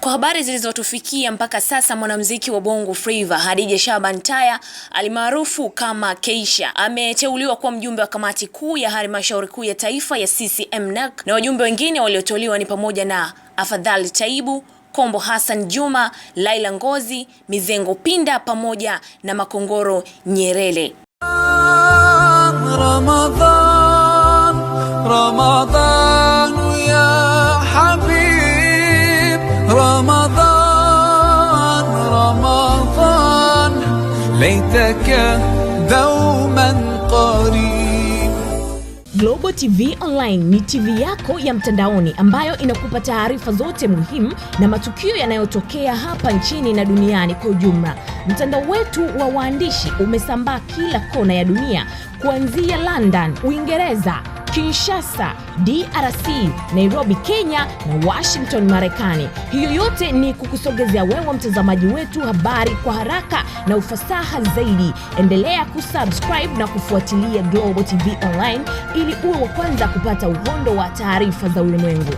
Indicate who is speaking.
Speaker 1: Kwa habari zilizotufikia mpaka sasa, mwanamuziki wa Bongo Flava Khadija Shaban Taya alimaarufu kama Keisha ameteuliwa kuwa mjumbe wa kamati kuu ya halmashauri kuu ya taifa ya CCM NEC, na wajumbe wengine walioteuliwa ni pamoja na Afadhali Taibu, Kombo Hassan Juma, Laila Ngozi, Mizengo Pinda pamoja na Makongoro Nyerere
Speaker 2: Ramadhan. رمضان رمضان ليتك دوما قريب
Speaker 1: Global TV Online ni TV yako ya mtandaoni ambayo inakupa taarifa zote muhimu na matukio yanayotokea hapa nchini na duniani kwa ujumla. Mtandao wetu wa waandishi umesambaa kila kona ya dunia kuanzia London, Uingereza Kinshasa, DRC, Nairobi, Kenya na Washington, Marekani. Hiyo yote ni kukusogezea wewe mtazamaji wetu habari kwa haraka na ufasaha zaidi. Endelea kusubscribe na kufuatilia Global TV Online ili uwe wa kwanza kupata uhondo wa taarifa za ulimwengu.